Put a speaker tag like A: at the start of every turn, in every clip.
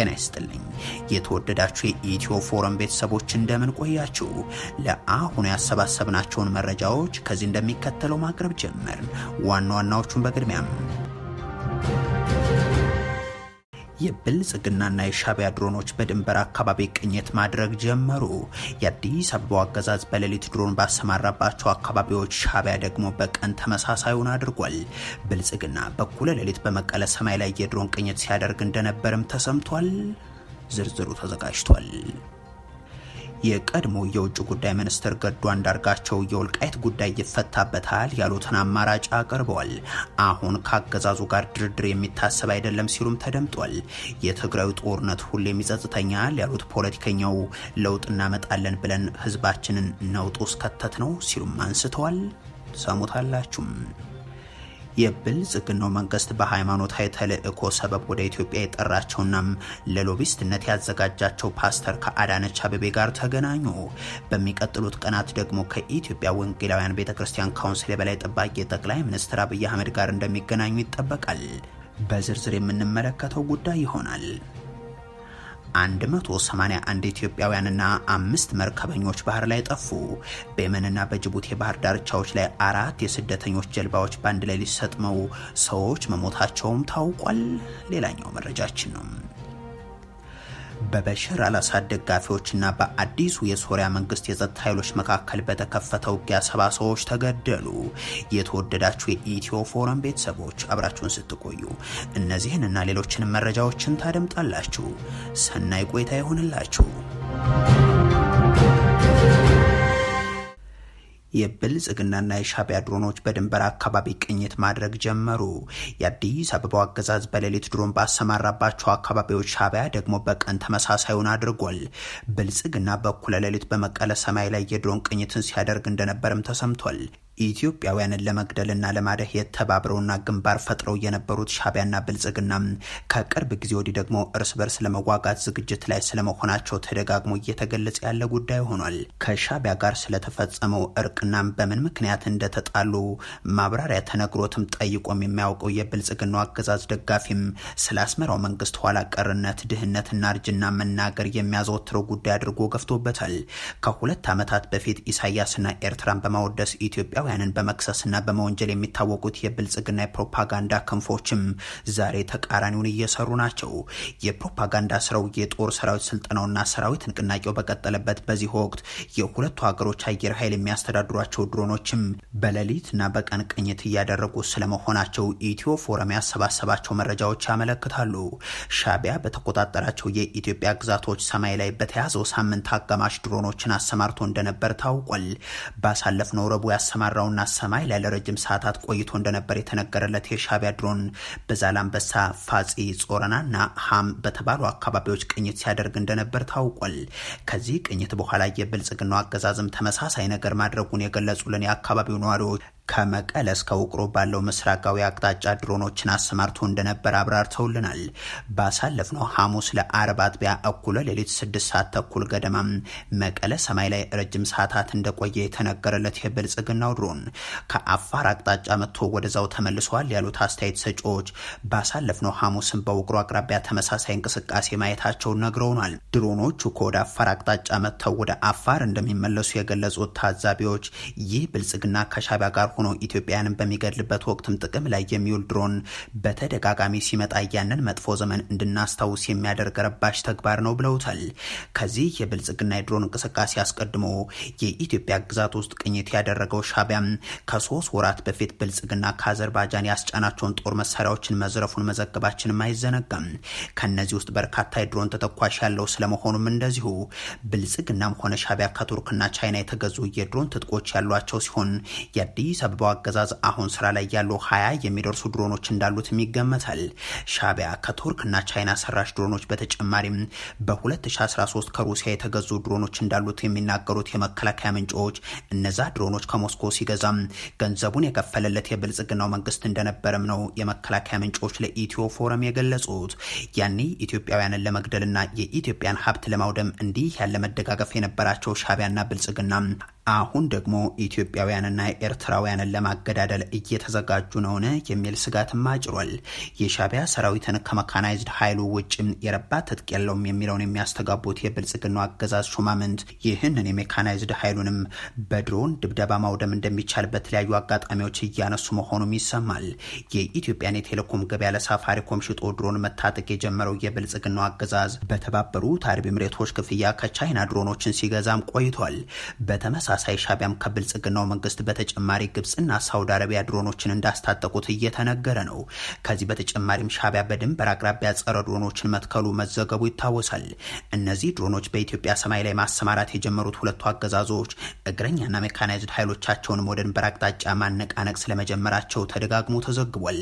A: ጤና ይስጥልኝ የተወደዳችሁ የኢትዮ ፎረም ቤተሰቦች እንደምን ቆያችሁ? ለአሁኑ ያሰባሰብናቸውን መረጃዎች ከዚህ እንደሚከተለው ማቅረብ ጀመር። ዋና ዋናዎቹን በቅድሚያም የብልጽግናና የሻቢያ ድሮኖች በድንበር አካባቢ ቅኝት ማድረግ ጀመሩ። የአዲስ አበባው አገዛዝ በሌሊት ድሮን ባሰማራባቸው አካባቢዎች፣ ሻቢያ ደግሞ በቀን ተመሳሳዩን አድርጓል። ብልጽግና በኩለ ሌሊት በመቀለ ሰማይ ላይ የድሮን ቅኝት ሲያደርግ እንደነበርም ተሰምቷል። ዝርዝሩ ተዘጋጅቷል። የቀድሞ የውጭ ጉዳይ ሚኒስትር ገዱ አንዳርጋቸው የወልቃይት ጉዳይ ይፈታበታል ያሉትን አማራጭ አቅርበዋል። አሁን ከአገዛዙ ጋር ድርድር የሚታሰብ አይደለም ሲሉም ተደምጧል። የትግራዩ ጦርነት ሁሌም ይጸጽተኛል ያሉት ፖለቲከኛው ለውጥ እናመጣለን ብለን ህዝባችንን ነውጡ ውስጥ ከተት ነው ሲሉም አንስተዋል። ሰሙታላችሁም። የብልጽግናው መንግስት በሃይማኖታዊ ተልእኮ ሰበብ ወደ ኢትዮጵያ የጠራቸውናም ለሎቢስትነት ያዘጋጃቸው ፓስተር ከአዳነች አቤቤ ጋር ተገናኙ። በሚቀጥሉት ቀናት ደግሞ ከኢትዮጵያ ወንጌላውያን ቤተ ክርስቲያን ካውንስል የበላይ ጠባቂ ጠቅላይ ሚኒስትር አብይ አህመድ ጋር እንደሚገናኙ ይጠበቃል። በዝርዝር የምንመለከተው ጉዳይ ይሆናል። 181 ኢትዮጵያውያንና አምስት መርከበኞች ባህር ላይ ጠፉ። በየመንና በጅቡቲ የባህር ዳርቻዎች ላይ አራት የስደተኞች ጀልባዎች በአንድ ላይ ሊሰጥመው ሰዎች መሞታቸውም ታውቋል። ሌላኛው መረጃችን ነው። በበሽር አላሳድ ደጋፊዎችና በአዲሱ የሶሪያ መንግስት የጸጥታ ኃይሎች መካከል በተከፈተው ውጊያ ሰባ ሰዎች ተገደሉ። የተወደዳችሁ የኢትዮ ፎረም ቤተሰቦች አብራችሁን ስትቆዩ እነዚህን እና ሌሎችንም መረጃዎችን ታደምጣላችሁ። ሰናይ ቆይታ ይሆንላችሁ። የብልጽግናና የሻቢያ ድሮኖች በድንበር አካባቢ ቅኝት ማድረግ ጀመሩ። የአዲስ አበባው አገዛዝ በሌሊት ድሮን ባሰማራባቸው አካባቢዎች፣ ሻቢያ ደግሞ በቀን ተመሳሳዩን አድርጓል። ብልጽግና በኩለ ሌሊት በመቀለ ሰማይ ላይ የድሮን ቅኝትን ሲያደርግ እንደነበርም ተሰምቷል። ኢትዮጵያውያንን ለመግደልና ለማደሄት ተባብረውና ግንባር ፈጥረው የነበሩት ሻቢያና ብልጽግና ከቅርብ ጊዜ ወዲህ ደግሞ እርስ በርስ ለመዋጋት ዝግጅት ላይ ስለመሆናቸው ተደጋግሞ እየተገለጸ ያለ ጉዳይ ሆኗል። ከሻቢያ ጋር ስለተፈጸመው እርቅናም በምን ምክንያት እንደተጣሉ ማብራሪያ ተነግሮትም ጠይቆም የሚያውቀው የብልጽግናው አገዛዝ ደጋፊም ስለ አስመራው መንግስት ኋላ ቀርነት፣ ድህነትና እርጅና መናገር የሚያዘወትረው ጉዳይ አድርጎ ገፍቶበታል። ከሁለት ዓመታት በፊት ኢሳያስና ኤርትራን በማወደስ ኢትዮጵያ ኢትዮጵያውያንን በመክሰስና በመወንጀል የሚታወቁት የብልጽግና የፕሮፓጋንዳ ክንፎችም ዛሬ ተቃራኒውን እየሰሩ ናቸው። የፕሮፓጋንዳ ስራው የጦር ሰራዊት ስልጠናውና ሰራዊት ንቅናቄው በቀጠለበት በዚህ ወቅት የሁለቱ ሀገሮች አየር ኃይል የሚያስተዳድሯቸው ድሮኖችም በሌሊትና በቀን ቅኝት እያደረጉ ስለመሆናቸው ኢትዮ ፎረም ያሰባሰባቸው መረጃዎች ያመለክታሉ። ሻቢያ በተቆጣጠራቸው የኢትዮጵያ ግዛቶች ሰማይ ላይ በተያዘው ሳምንት አጋማሽ ድሮኖችን አሰማርቶ እንደነበር ታውቋል። ባሳለፍነው ረቡዕ ያሰማ የተመራውና ሰማይ ላይ ለረጅም ሰዓታት ቆይቶ እንደነበር የተነገረለት የሻቢያ ድሮን በዛላምበሳ፣ ፋጺ ጾረናና ሀም በተባሉ አካባቢዎች ቅኝት ሲያደርግ እንደነበር ታውቋል። ከዚህ ቅኝት በኋላ የብልጽግናው አገዛዝም ተመሳሳይ ነገር ማድረጉን የገለጹልን የአካባቢው ነዋሪዎች ከመቀለ እስከ ውቅሮ ባለው ምስራቃዊ አቅጣጫ ድሮኖችን አሰማርቶ እንደነበር አብራርተውልናል። ባሳለፍነው ሐሙስ ለአርብ አጥቢያ እኩለ ሌሊት ስድስት ሰዓት ተኩል ገደማ መቀለ ሰማይ ላይ ረጅም ሰዓታት እንደቆየ የተነገረለት የብልጽግናው ድሮን ከአፋር አቅጣጫ መጥቶ ወደዛው ተመልሰዋል ያሉት አስተያየት ሰጪዎች ባሳለፍነው ሐሙስን በውቅሮ አቅራቢያ ተመሳሳይ እንቅስቃሴ ማየታቸውን ነግረውናል። ድሮኖቹ ከወደ አፋር አቅጣጫ መጥተው ወደ አፋር እንደሚመለሱ የገለጹት ታዛቢዎች ይህ ብልጽግና ከሻቢያ ጋር ሆኖ ኢትዮጵያውያንን በሚገድልበት ወቅትም ጥቅም ላይ የሚውል ድሮን በተደጋጋሚ ሲመጣ ያንን መጥፎ ዘመን እንድናስታውስ የሚያደርግ ረባሽ ተግባር ነው ብለውታል። ከዚህ የብልጽግና የድሮን እንቅስቃሴ አስቀድሞ የኢትዮጵያ ግዛት ውስጥ ቅኝት ያደረገው ሻቢያም ከሶስት ወራት በፊት ብልጽግና ከአዘርባጃን ያስጫናቸውን ጦር መሳሪያዎችን መዝረፉን መዘገባችንም አይዘነጋም። ከእነዚህ ውስጥ በርካታ የድሮን ተተኳሽ ያለው ስለመሆኑም እንደዚሁ ብልጽግናም ሆነ ሻቢያ ከቱርክና ቻይና የተገዙ የድሮን ትጥቆች ያሏቸው ሲሆን የአዲስ የሚያሳብበው አገዛዝ አሁን ስራ ላይ ያሉ ሀያ የሚደርሱ ድሮኖች እንዳሉትም ይገመታል። ሻቢያ ከቱርክና ቻይና ሰራሽ ድሮኖች በተጨማሪም በ2013 ከሩሲያ የተገዙ ድሮኖች እንዳሉት የሚናገሩት የመከላከያ ምንጮች እነዛ ድሮኖች ከሞስኮ ሲገዛም ገንዘቡን የከፈለለት የብልጽግናው መንግስት እንደነበረም ነው የመከላከያ ምንጮች ለኢትዮ ፎረም የገለጹት። ያኔ ኢትዮጵያውያንን ለመግደልና የኢትዮጵያን ሀብት ለማውደም እንዲህ ያለ መደጋገፍ የነበራቸው ሻቢያና ብልጽግና አሁን ደግሞ ኢትዮጵያውያንና ኤርትራውያንን ለማገዳደል እየተዘጋጁ ነውን የሚል ስጋትም አጭሯል። የሻቢያ ሰራዊትን ከመካናይዝድ ኃይሉ ውጭም የረባ ትጥቅ የለውም የሚለውን የሚያስተጋቡት የብልጽግናው አገዛዝ ሹማምንት ይህንን የሜካናይዝድ ኃይሉንም በድሮን ድብደባ ማውደም እንደሚቻል በተለያዩ አጋጣሚዎች እያነሱ መሆኑም ይሰማል። የኢትዮጵያን የቴሌኮም ገበያ ለሳፋሪኮም ሽጦ ድሮን መታጠቅ የጀመረው የብልጽግናው አገዛዝ በተባበሩት አረብ ኤምሬቶች ክፍያ ከቻይና ድሮኖችን ሲገዛም ቆይቷል። በተመሳ በተመሳሳይ ሻቢያም ከብልጽግናው መንግስት በተጨማሪ ግብፅና ሳውዲ አረቢያ ድሮኖችን እንዳስታጠቁት እየተነገረ ነው። ከዚህ በተጨማሪም ሻቢያ በድንበር አቅራቢያ ጸረ ድሮኖችን መትከሉ መዘገቡ ይታወሳል። እነዚህ ድሮኖች በኢትዮጵያ ሰማይ ላይ ማሰማራት የጀመሩት ሁለቱ አገዛዞች እግረኛና ሜካናይዝድ ኃይሎቻቸውንም ወደ ድንበር አቅጣጫ ማነቃነቅ ስለመጀመራቸው ተደጋግሞ ተዘግቧል።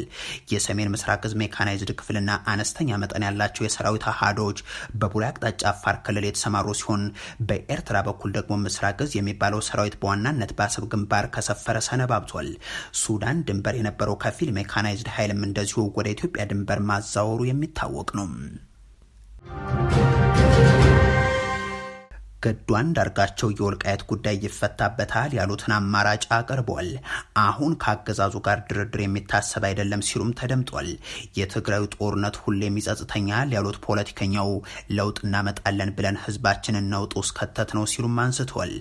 A: የሰሜን ምስራቅ ህዝብ ሜካናይዝድ ክፍልና አነስተኛ መጠን ያላቸው የሰራዊት አሃዶች በቡሬ አቅጣጫ አፋር ክልል የተሰማሩ ሲሆን በኤርትራ በኩል ደግሞ ምስራቅ ህዝብ የሚባለው ያለው ሰራዊት በዋናነት በአሰብ ግንባር ከሰፈረ ሰነባብቷል። ሱዳን ድንበር የነበረው ከፊል ሜካናይዝድ ኃይልም እንደዚሁ ወደ ኢትዮጵያ ድንበር ማዛወሩ የሚታወቅ ነው። ገዱ አንዳርጋቸው የወልቃየት ጉዳይ ይፈታበታል ያሉትን አማራጭ አቅርቧል። አሁን ከአገዛዙ ጋር ድርድር የሚታሰብ አይደለም ሲሉም ተደምጧል። የትግራዩ ጦርነት ሁሌም ይጸጽተኛል ያሉት ፖለቲከኛው ለውጥ እናመጣለን ብለን ህዝባችንን ነውጥ ውስጥ ከተት ነው ሲሉም አንስቷል።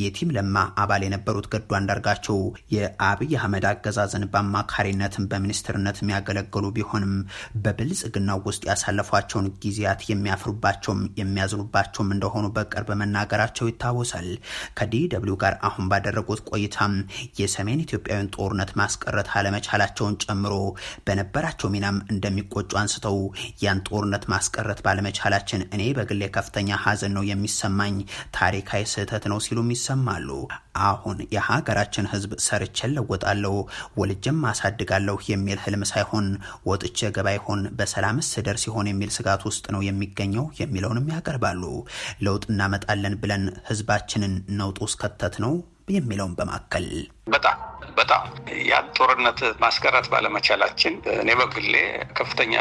A: የቲም ለማ አባል የነበሩት ገዱ አንዳርጋቸው የአብይ አህመድ አገዛዝን በአማካሪነትም በሚኒስትርነት የሚያገለግሉ ቢሆንም በብልጽግናው ውስጥ ያሳለፏቸውን ጊዜያት የሚያፍሩባቸውም የሚያዝኑባቸውም እንደሆኑ በቅርብ መናገራቸው ይታወሳል። ከዲደብሊው ጋር አሁን ባደረጉት ቆይታም የሰሜን ኢትዮጵያውያን ጦርነት ማስቀረት አለመቻላቸውን ጨምሮ በነበራቸው ሚናም እንደሚቆጩ አንስተው ያን ጦርነት ማስቀረት ባለመቻላችን እኔ በግሌ ከፍተኛ ሐዘን ነው የሚሰማኝ፣ ታሪካዊ ስህተት ነው ሲሉም ይሰማሉ። አሁን የሀገራችን ህዝብ ሰርቼ ለወጣለሁ ወልጅም አሳድጋለሁ የሚል ህልም ሳይሆን ወጥቼ ገባ ይሆን በሰላምስ ስደር ሲሆን የሚል ስጋት ውስጥ ነው የሚገኘው የሚለውንም ያቀርባሉ። ለውጥ እናመጣለን እናወጣለን ብለን ህዝባችንን ነውጡ እስከተት ነው የሚለውን በማከል
B: በጣም በጣም ያን ጦርነት ማስቀረት ባለመቻላችን እኔ በግሌ ከፍተኛ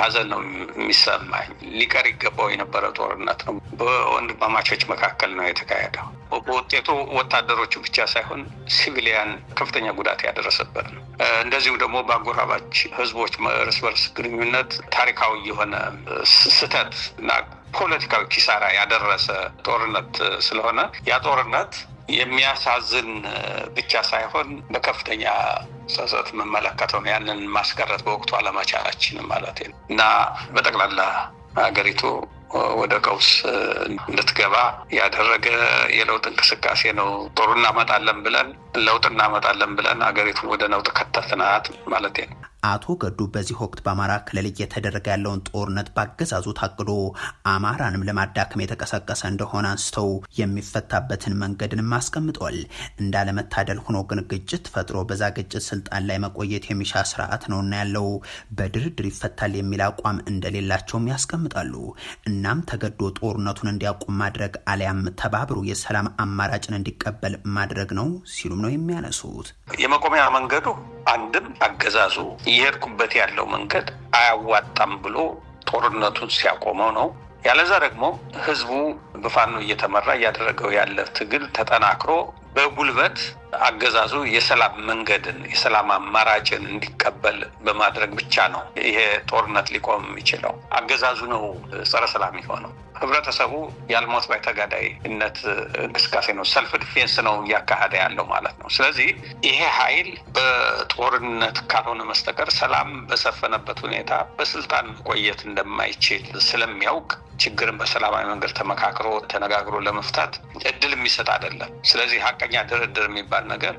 B: ሀዘን ነው የሚሰማኝ። ሊቀር ይገባው የነበረ ጦርነት ነው። በወንድማማቾች መካከል ነው የተካሄደው። በውጤቱ ወታደሮቹ ብቻ ሳይሆን ሲቪሊያን ከፍተኛ ጉዳት ያደረሰበት ነው። እንደዚሁም ደግሞ በአጎራባች ህዝቦች እርስ በርስ ግንኙነት ታሪካዊ የሆነ ስህተት ፖለቲካዊ ኪሳራ ያደረሰ ጦርነት ስለሆነ ያ ጦርነት የሚያሳዝን ብቻ ሳይሆን በከፍተኛ ጸጸት የምመለከተው ነው። ያንን ማስቀረት በወቅቱ አለመቻላችንም ማለት ነው እና በጠቅላላ ሀገሪቱ ወደ ቀውስ እንድትገባ ያደረገ የለውጥ እንቅስቃሴ ነው። ጦሩ እናመጣለን ብለን ለውጥ እናመጣለን ብለን ሀገሪቱ ወደ ነውጥ ከተትናት ማለት ነው።
A: አቶ ገዱ በዚህ ወቅት በአማራ ክልል እየተደረገ ያለውን ጦርነት ባገዛዙ ታቅዶ አማራንም ለማዳከም የተቀሰቀሰ እንደሆነ አንስተው የሚፈታበትን መንገድንም አስቀምጧል። እንዳለመታደል ሆኖ ግን ግጭት ፈጥሮ በዛ ግጭት ስልጣን ላይ መቆየት የሚሻ ስርዓት ነውና ያለው በድርድር ይፈታል የሚል አቋም እንደሌላቸውም ያስቀምጣሉ። እናም ተገዶ ጦርነቱን እንዲያቁም ማድረግ አሊያም ተባብሮ የሰላም አማራጭን እንዲቀበል ማድረግ ነው ሲሉም ነው የሚያነሱት።
B: የመቆሚያ መንገዱ አንድም አገዛዙ እየሄድኩበት ያለው መንገድ አያዋጣም ብሎ ጦርነቱን ሲያቆመው ነው። ያለዛ ደግሞ ህዝቡ በፋኖ እየተመራ እያደረገው ያለ ትግል ተጠናክሮ በጉልበት አገዛዙ የሰላም መንገድን የሰላም አማራጭን እንዲቀበል በማድረግ ብቻ ነው ይሄ ጦርነት ሊቆም የሚችለው። አገዛዙ ነው ጸረ ሰላም የሆነው። ህብረተሰቡ ያልሞት ባይ ተጋዳይነት እንቅስቃሴ ነው፣ ሰልፍ ዲፌንስ ነው እያካሄደ ያለው ማለት ነው። ስለዚህ ይሄ ኃይል በጦርነት ካልሆነ መስተቀር ሰላም በሰፈነበት ሁኔታ በስልጣን መቆየት እንደማይችል ስለሚያውቅ ችግርን በሰላማዊ መንገድ ተመካክሮ ተነጋግሮ ለመፍታት እድል የሚሰጥ አይደለም። ስለዚህ ሀቀኛ ድርድር የሚባል ነገር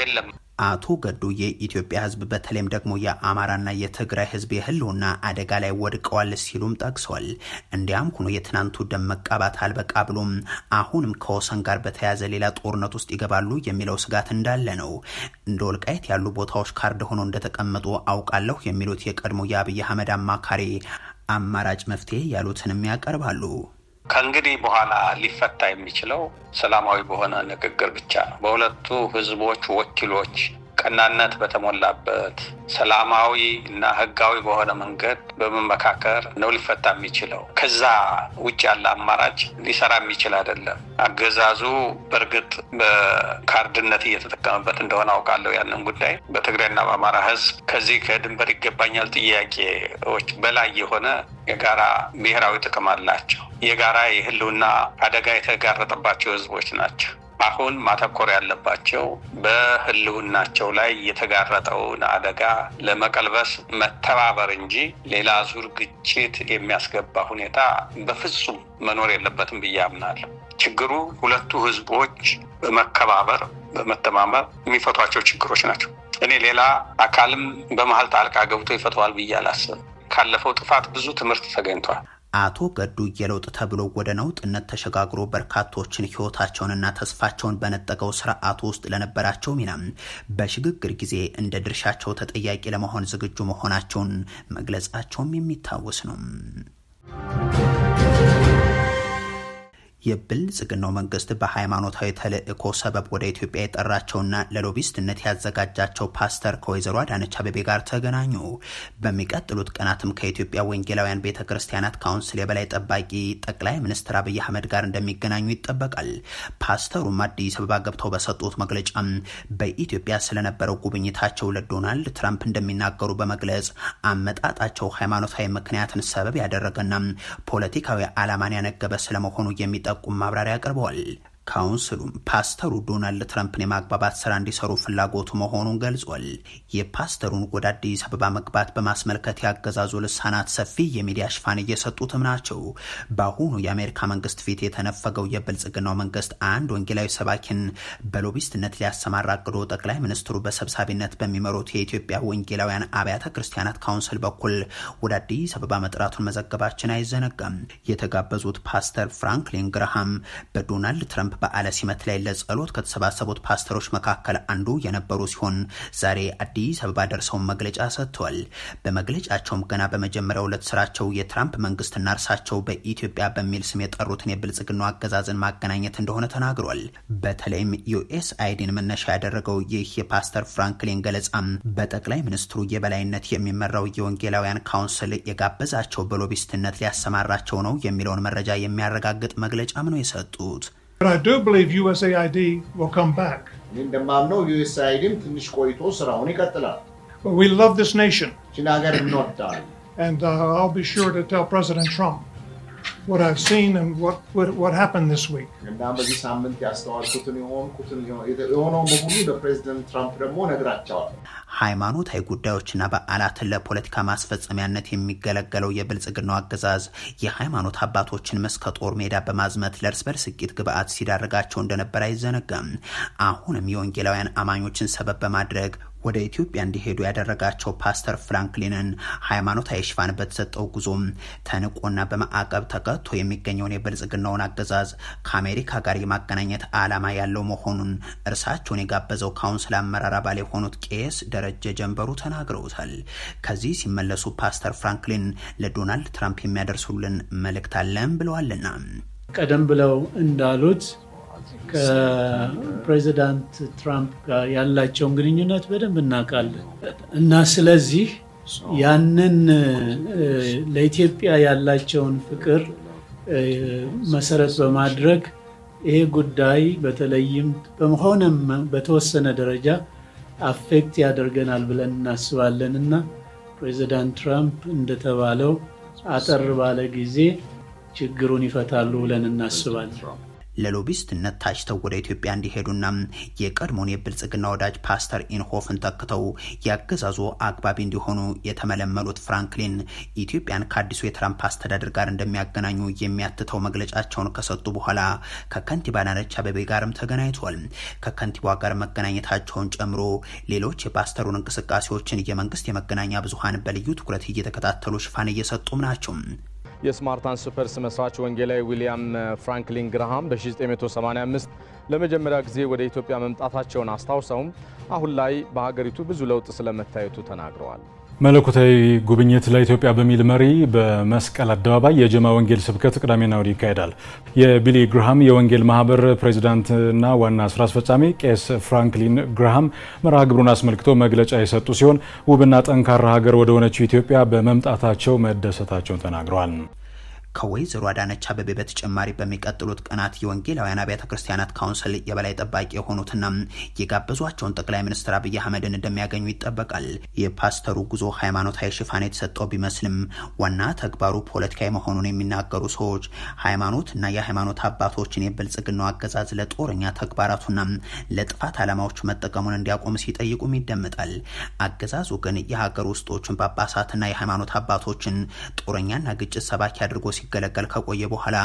B: የለም።
A: አቶ ገዱ የኢትዮጵያ ሕዝብ በተለይም ደግሞ የአማራና የትግራይ ሕዝብ የህልውና አደጋ ላይ ወድቀዋል ሲሉም ጠቅሷል። እንዲያም ሆኖ የትናንቱ ደም መቃባት አልበቃ ብሎም አሁንም ከወሰን ጋር በተያያዘ ሌላ ጦርነት ውስጥ ይገባሉ የሚለው ስጋት እንዳለ ነው። እንደ ወልቃይት ያሉ ቦታዎች ካርድ ሆኖ እንደተቀመጡ አውቃለሁ የሚሉት የቀድሞ የአብይ አህመድ አማካሪ አማራጭ መፍትሄ ያሉትንም ያቀርባሉ።
B: ከእንግዲህ በኋላ ሊፈታ የሚችለው ሰላማዊ በሆነ ንግግር ብቻ ነው። በሁለቱ ህዝቦች ወኪሎች ቀናነት በተሞላበት ሰላማዊ እና ህጋዊ በሆነ መንገድ በመመካከር ነው ሊፈታ የሚችለው። ከዛ ውጭ ያለ አማራጭ ሊሰራ የሚችል አይደለም። አገዛዙ በእርግጥ በካርድነት እየተጠቀመበት እንደሆነ አውቃለሁ። ያንን ጉዳይ በትግራይና በአማራ ህዝብ ከዚህ ከድንበር ይገባኛል ጥያቄዎች በላይ የሆነ የጋራ ብሔራዊ ጥቅም አላቸው። የጋራ የህልውና አደጋ የተጋረጠባቸው ህዝቦች ናቸው። አሁን ማተኮር ያለባቸው በህልውናቸው ላይ የተጋረጠውን አደጋ ለመቀልበስ መተባበር እንጂ ሌላ ዙር ግጭት የሚያስገባ ሁኔታ በፍጹም መኖር የለበትም ብዬ አምናለሁ። ችግሩ ሁለቱ ህዝቦች በመከባበር በመተማመር የሚፈቷቸው ችግሮች ናቸው። እኔ ሌላ አካልም በመሀል ጣልቃ ገብቶ ይፈተዋል ብዬ አላስብም። ካለፈው ጥፋት ብዙ ትምህርት ተገኝቷል።
A: አቶ ገዱ የለውጥ ተብሎ ወደ ነውጥነት ተሸጋግሮ በርካቶችን ህይወታቸውንና ተስፋቸውን በነጠቀው ስርዓቱ ውስጥ ለነበራቸው ሚና በሽግግር ጊዜ እንደ ድርሻቸው ተጠያቂ ለመሆን ዝግጁ መሆናቸውን መግለጻቸውም የሚታወስ ነው። የብልጽግናው መንግስት በሃይማኖታዊ ተልእኮ ሰበብ ወደ ኢትዮጵያ የጠራቸውና ለሎቢስትነት ያዘጋጃቸው ፓስተር ከወይዘሮ አዳነች አበቤ ጋር ተገናኙ። በሚቀጥሉት ቀናትም ከኢትዮጵያ ወንጌላውያን ቤተ ክርስቲያናት ካውንስል የበላይ ጠባቂ ጠቅላይ ሚኒስትር አብይ አህመድ ጋር እንደሚገናኙ ይጠበቃል። ፓስተሩም አዲስ አበባ ገብተው በሰጡት መግለጫ በኢትዮጵያ ስለነበረው ጉብኝታቸው ለዶናልድ ትራምፕ እንደሚናገሩ በመግለጽ አመጣጣቸው ሃይማኖታዊ ምክንያትን ሰበብ ያደረገና ፖለቲካዊ ዓላማን ያነገበ ስለመሆኑ የሚጠ የሚጠቁም ማብራሪያ አቅርበዋል። ካውንስሉም ፓስተሩ ዶናልድ ትራምፕን የማግባባት ስራ እንዲሰሩ ፍላጎቱ መሆኑን ገልጿል። የፓስተሩን ወደ አዲስ አበባ መግባት በማስመልከት ያገዛዙ ልሳናት ሰፊ የሚዲያ ሽፋን እየሰጡትም ናቸው። በአሁኑ የአሜሪካ መንግስት ፊት የተነፈገው የብልጽግናው መንግስት አንድ ወንጌላዊ ሰባኪን በሎቢስትነት ሊያሰማራ አቅዶ ጠቅላይ ሚኒስትሩ በሰብሳቢነት በሚመሩት የኢትዮጵያ ወንጌላውያን አብያተ ክርስቲያናት ካውንስል በኩል ወደ አዲስ አበባ መጥራቱን መዘገባችን አይዘነጋም። የተጋበዙት ፓስተር ፍራንክሊን ግርሃም በዶናልድ ትራምፕ በዓለ ሲመት ላይ ለጸሎት ከተሰባሰቡት ፓስተሮች መካከል አንዱ የነበሩ ሲሆን ዛሬ አዲስ አበባ ደርሰው መግለጫ ሰጥተዋል። በመግለጫቸውም ገና በመጀመሪያው ዕለት ስራቸው የትራምፕ መንግስትና እርሳቸው በኢትዮጵያ በሚል ስም የጠሩትን የብልጽግና አገዛዝን ማገናኘት እንደሆነ ተናግሯል። በተለይም ዩኤስ አይዲን መነሻ ያደረገው ይህ የፓስተር ፍራንክሊን ገለጻ በጠቅላይ ሚኒስትሩ የበላይነት የሚመራው የወንጌላውያን ካውንስል የጋበዛቸው በሎቢስትነት ሊያሰማራቸው ነው የሚለውን መረጃ የሚያረጋግጥ መግለጫም ነው የሰጡት።
C: But I do believe USAID will come back. But we love this nation. And uh, I'll be sure to tell President Trump what I've seen and what, what, what happened this week.
A: ሃይማኖታዊ ጉዳዮችና በዓላትን ለፖለቲካ ማስፈጸሚያነት የሚገለገለው የብልጽግናው አገዛዝ የሃይማኖት አባቶችን መስከ ጦር ሜዳ በማዝመት ለእርስ በርስ እልቂት ግብአት ሲዳርጋቸው እንደነበር አይዘነጋም። አሁንም የወንጌላውያን አማኞችን ሰበብ በማድረግ ወደ ኢትዮጵያ እንዲሄዱ ያደረጋቸው ፓስተር ፍራንክሊንን ሃይማኖታዊ ሽፋን በተሰጠው ጉዞም ተንቆና በማዕቀብ ተቀጥቶ የሚገኘውን የብልጽግናውን አገዛዝ ከአሜሪካ ጋር የማገናኘት ዓላማ ያለው መሆኑን እርሳቸውን የጋበዘው ካውንስል አመራር አባል የሆኑት ቄስ ደረጀ ጀንበሩ ተናግረውታል። ከዚህ ሲመለሱ ፓስተር ፍራንክሊን ለዶናልድ ትራምፕ የሚያደርሱልን መልእክት አለን ብለዋልና
D: ቀደም ብለው እንዳሉት ከፕሬዚዳንት ትራምፕ ጋር ያላቸውን ግንኙነት በደንብ እናውቃለን እና ስለዚህ ያንን ለኢትዮጵያ ያላቸውን ፍቅር መሰረት በማድረግ ይሄ ጉዳይ በተለይም በመሆነ በተወሰነ ደረጃ አፌክት ያደርገናል ብለን እናስባለን እና ፕሬዚዳንት ትራምፕ እንደተባለው አጠር ባለ ጊዜ ችግሩን ይፈታሉ ብለን እናስባለን።
A: ለሎቢስትነት ታጭተው ወደ ኢትዮጵያ እንዲሄዱና የቀድሞን የብልጽግና ወዳጅ ፓስተር ኢንሆፍን ተክተው ያገዛዙ አግባቢ እንዲሆኑ የተመለመሉት ፍራንክሊን ኢትዮጵያን ከአዲሱ የትራምፕ አስተዳደር ጋር እንደሚያገናኙ የሚያትተው መግለጫቸውን ከሰጡ በኋላ ከከንቲባ አዳነች አቤቤ ጋርም ተገናኝቷል። ከከንቲባ ጋር መገናኘታቸውን ጨምሮ ሌሎች የፓስተሩን እንቅስቃሴዎችን የመንግስት የመገናኛ ብዙሀን በልዩ ትኩረት እየተከታተሉ ሽፋን እየሰጡም ናቸው።
E: የስማርታን አንድ ስፐርስ መስራች ወንጌላዊ ዊሊያም ፍራንክሊን ግርሃም በ1985 ለመጀመሪያ ጊዜ ወደ ኢትዮጵያ መምጣታቸውን አስታውሰውም አሁን ላይ በሀገሪቱ ብዙ ለውጥ ስለመታየቱ ተናግረዋል።
F: መለኮታዊ ጉብኝት ለኢትዮጵያ በሚል መሪ በመስቀል አደባባይ የጀማ ወንጌል ስብከት ቅዳሜና እሁድ ይካሄዳል። የቢሊ ግርሃም የወንጌል ማህበር ፕሬዚዳንትና ዋና ስራ አስፈጻሚ ቄስ ፍራንክሊን ግርሃም መርሃ ግብሩን አስመልክቶ መግለጫ የሰጡ ሲሆን ውብና ጠንካራ ሀገር ወደ ሆነችው ኢትዮጵያ በመምጣታቸው መደሰታቸውን ተናግረዋል።
A: ከወይዘሮ አዳነች አበቤ በተጨማሪ በሚቀጥሉት ቀናት የወንጌላውያን አብያተ ክርስቲያናት ካውንስል የበላይ ጠባቂ የሆኑትና የጋበዟቸውን ጠቅላይ ሚኒስትር አብይ አህመድን እንደሚያገኙ ይጠበቃል። የፓስተሩ ጉዞ ሃይማኖታዊ ሽፋን የተሰጠው ቢመስልም ዋና ተግባሩ ፖለቲካዊ መሆኑን የሚናገሩ ሰዎች ሃይማኖትና የሃይማኖት አባቶችን የብልጽግናው አገዛዝ ለጦረኛ ተግባራቱና ለጥፋት ዓላማዎቹ መጠቀሙን እንዲያቆም ሲጠይቁም ይደመጣል። አገዛዙ ግን የሀገር ውስጦችን ጳጳሳትና የሃይማኖት አባቶችን ጦረኛና ግጭት ሰባኪ አድርጎ ሲገለገል ከቆየ በኋላ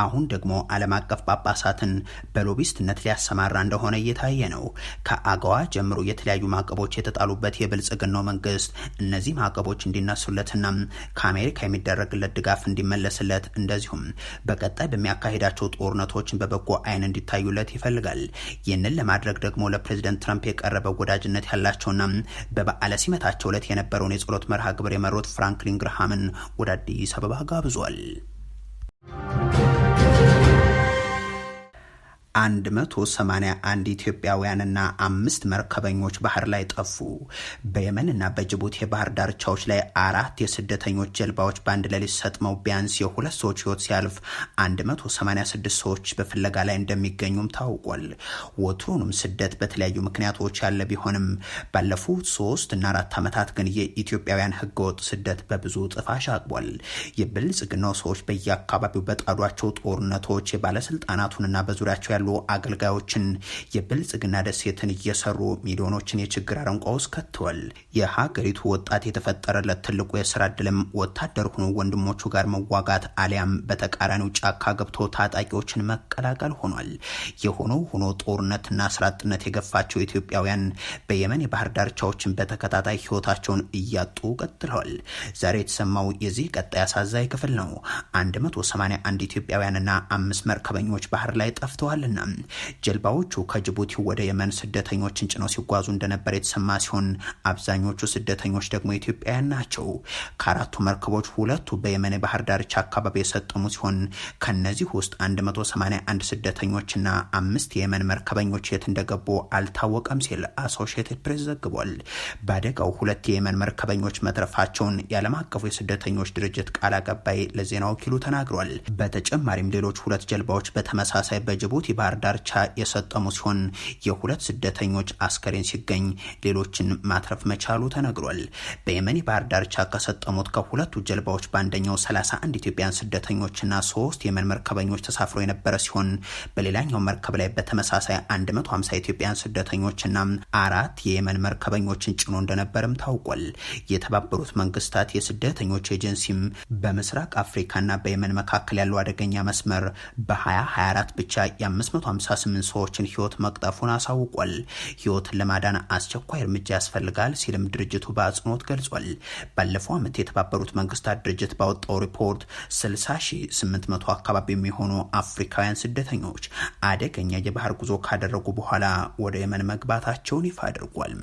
A: አሁን ደግሞ ዓለም አቀፍ ጳጳሳትን በሎቢስትነት ሊያሰማራ እንደሆነ እየታየ ነው። ከአገዋ ጀምሮ የተለያዩ ማዕቀቦች የተጣሉበት የብልጽግናው መንግስት እነዚህ ማዕቀቦች እንዲነሱለትና ከአሜሪካ የሚደረግለት ድጋፍ እንዲመለስለት እንደዚሁም በቀጣይ በሚያካሂዳቸው ጦርነቶችን በበጎ አይን እንዲታዩለት ይፈልጋል። ይህንን ለማድረግ ደግሞ ለፕሬዚደንት ትራምፕ የቀረበ ወዳጅነት ያላቸውና በበዓለ ሲመታቸው ዕለት የነበረውን የጸሎት መርሃ ግብር የመሩት ፍራንክሊን ግርሃምን ወደ አዲስ አበባ ጋብዟል። 181 ኢትዮጵያውያንና አምስት መርከበኞች ባህር ላይ ጠፉ። በየመንና በጅቡቲ የባህር ዳርቻዎች ላይ አራት የስደተኞች ጀልባዎች በአንድ ሌሊት ሰጥመው ቢያንስ የሁለት ሰዎች ህይወት ሲያልፍ 186 ሰዎች በፍለጋ ላይ እንደሚገኙም ታውቋል። ወትሩንም ስደት በተለያዩ ምክንያቶች ያለ ቢሆንም ባለፉት ሶስት እና አራት ዓመታት ግን የኢትዮጵያውያን ህገወጥ ስደት በብዙ እጥፍ አሻቅቧል። የብልጽግናው ሰዎች በየአካባቢው በጣዷቸው ጦርነቶች የባለስልጣናቱንና በዙሪያቸው ያሉ አገልጋዮችን የብልጽግና ደሴትን እየሰሩ ሚሊዮኖችን የችግር አረንቋ ውስጥ ከተዋል። የሀገሪቱ ወጣት የተፈጠረለት ትልቁ የስራ እድልም ወታደር ሆኖ ወንድሞቹ ጋር መዋጋት አሊያም በተቃራኒው ጫካ ገብቶ ታጣቂዎችን መቀላቀል ሆኗል። የሆነው ሆኖ ጦርነትና ስራጥነት የገፋቸው ኢትዮጵያውያን በየመን የባህር ዳርቻዎችን በተከታታይ ህይወታቸውን እያጡ ቀጥለዋል። ዛሬ የተሰማው የዚህ ቀጣይ አሳዛኝ ክፍል ነው። 181 ኢትዮጵያውያንና አምስት መርከበኞች ባህር ላይ ጠፍተዋል። ጀልባና ጀልባዎቹ ከጅቡቲ ወደ የመን ስደተኞችን ጭነው ሲጓዙ እንደነበር የተሰማ ሲሆን አብዛኞቹ ስደተኞች ደግሞ ኢትዮጵያውያን ናቸው። ከአራቱ መርከቦች ሁለቱ በየመን የባህር ዳርቻ አካባቢ የሰጠሙ ሲሆን ከነዚህ ውስጥ 181 ስደተኞችና አምስት የመን መርከበኞች የት እንደገቡ አልታወቀም ሲል አሶሺየትድ ፕሬስ ዘግቧል። በአደጋው ሁለት የየመን መርከበኞች መትረፋቸውን የዓለም አቀፉ የስደተኞች ድርጅት ቃል አቀባይ ለዜና ወኪሉ ተናግሯል። በተጨማሪም ሌሎች ሁለት ጀልባዎች በተመሳሳይ በጅቡቲ የባህር ዳርቻ የሰጠሙ ሲሆን የሁለት ስደተኞች አስከሬን ሲገኝ ሌሎችን ማትረፍ መቻሉ ተነግሯል። በየመን የባህር ዳርቻ ከሰጠሙት ከሁለቱ ጀልባዎች በአንደኛው 31 ኢትዮጵያን ስደተኞችና ሶስት የመን መርከበኞች ተሳፍሮ የነበረ ሲሆን በሌላኛው መርከብ ላይ በተመሳሳይ 150 ኢትዮጵያን ስደተኞችና አራት የየመን መርከበኞችን ጭኖ እንደነበርም ታውቋል። የተባበሩት መንግስታት የስደተኞች ኤጀንሲም በምስራቅ አፍሪካና በየመን መካከል ያለው አደገኛ መስመር በ2024 ብቻ የ5 558 ሰዎችን ህይወት መቅጠፉን አሳውቋል። ህይወትን ለማዳን አስቸኳይ እርምጃ ያስፈልጋል ሲልም ድርጅቱ በአጽንኦት ገልጿል። ባለፈው ዓመት የተባበሩት መንግስታት ድርጅት ባወጣው ሪፖርት 60800 አካባቢ የሚሆኑ አፍሪካውያን ስደተኞች አደገኛ የባህር ጉዞ ካደረጉ በኋላ ወደ የመን መግባታቸውን ይፋ አድርጓል።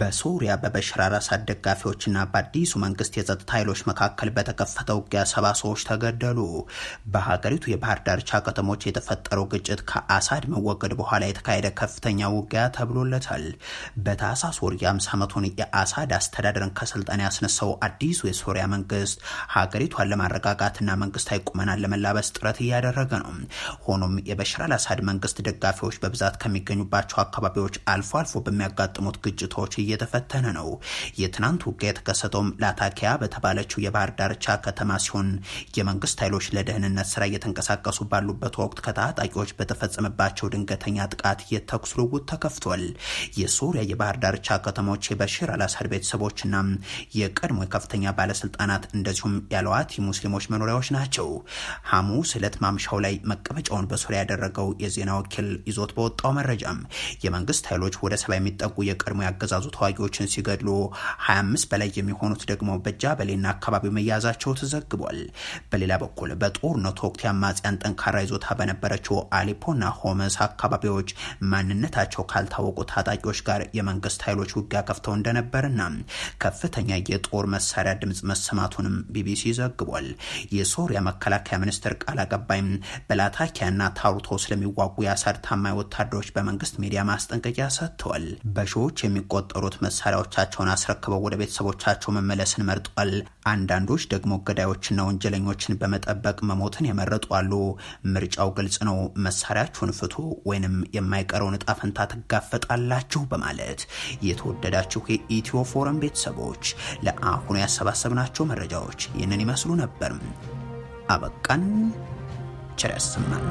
A: በሶሪያ በበሽር አሳድ ደጋፊዎችና በአዲሱ መንግስት የጸጥታ ኃይሎች መካከል በተከፈተው ውጊያ ሰባ ሰዎች ተገደሉ። በሀገሪቱ የባህር ዳርቻ ከተሞች የተፈጠረው ግጭት ከአሳድ መወገድ በኋላ የተካሄደ ከፍተኛ ውጊያ ተብሎለታል። በታህሳስ ወር የ ዓመቱን የአሳድ አስተዳደርን ከስልጣን ያስነሳው አዲሱ የሶሪያ መንግስት ሀገሪቷን ለማረጋጋትና መንግስታዊ ቁመናን ለመላበስ ጥረት እያደረገ ነው። ሆኖም የበሽር አልአሳድ መንግስት ደጋፊዎች በብዛት ከሚገኙባቸው አካባቢዎች አልፎ አልፎ በሚያጋጥሙት ግጭቶች እየተፈተነ ነው። የትናንት ውጊያ የተከሰተውም ላታኪያ በተባለችው የባህር ዳርቻ ከተማ ሲሆን የመንግስት ኃይሎች ለደህንነት ስራ እየተንቀሳቀሱ ባሉበት ወቅት ከታጣቂዎች በተፈጸመባቸው ድንገተኛ ጥቃት የተኩስ ልውውጥ ተከፍቷል። የሱሪያ የባህር ዳርቻ ከተሞች የበሽር አላሳድ ቤተሰቦችና የቀድሞ የከፍተኛ ባለስልጣናት እንደዚሁም ያለዋት ሙስሊሞች መኖሪያዎች ናቸው። ሐሙስ እለት ማምሻው ላይ መቀመጫውን በሱሪያ ያደረገው የዜና ወኪል ይዞት በወጣው መረጃም የመንግስት ኃይሎች ወደ ሰባ የሚጠጉ የቀድሞ ያገዛዙ የአገዛዙ ተዋጊዎችን ሲገድሉ 25 በላይ የሚሆኑት ደግሞ በጃበሌና አካባቢው መያዛቸው ተዘግቧል። በሌላ በኩል በጦርነቱ ወቅት የአማጽያን ጠንካራ ይዞታ በነበረችው አሌፖና ሆመስ አካባቢዎች ማንነታቸው ካልታወቁ ታጣቂዎች ጋር የመንግስት ኃይሎች ውጊያ ከፍተው እንደነበርና ከፍተኛ የጦር መሳሪያ ድምፅ መሰማቱንም ቢቢሲ ዘግቧል። የሶሪያ መከላከያ ሚኒስትር ቃል አቀባይም በላታኪያና ታሩቶ ስለሚዋጉ የአሳድ ታማኝ ወታደሮች በመንግስት ሚዲያ ማስጠንቀቂያ ሰጥተዋል። በሺዎች የሚቆጠ የቆጠሩት መሳሪያዎቻቸውን አስረክበው ወደ ቤተሰቦቻቸው መመለስን መርጧል። አንዳንዶች ደግሞ ገዳዮችና ወንጀለኞችን በመጠበቅ መሞትን የመረጡ አሉ። ምርጫው ግልጽ ነው፣ መሳሪያችሁን ፍቱ ወይንም የማይቀረውን እጣ ፈንታ ትጋፈጣላችሁ በማለት የተወደዳችሁ የኢትዮ ፎረም ቤተሰቦች ለአሁኑ ያሰባሰብናቸው መረጃዎች ይህንን ይመስሉ ነበር። አበቃን። ቸር ያሰማን።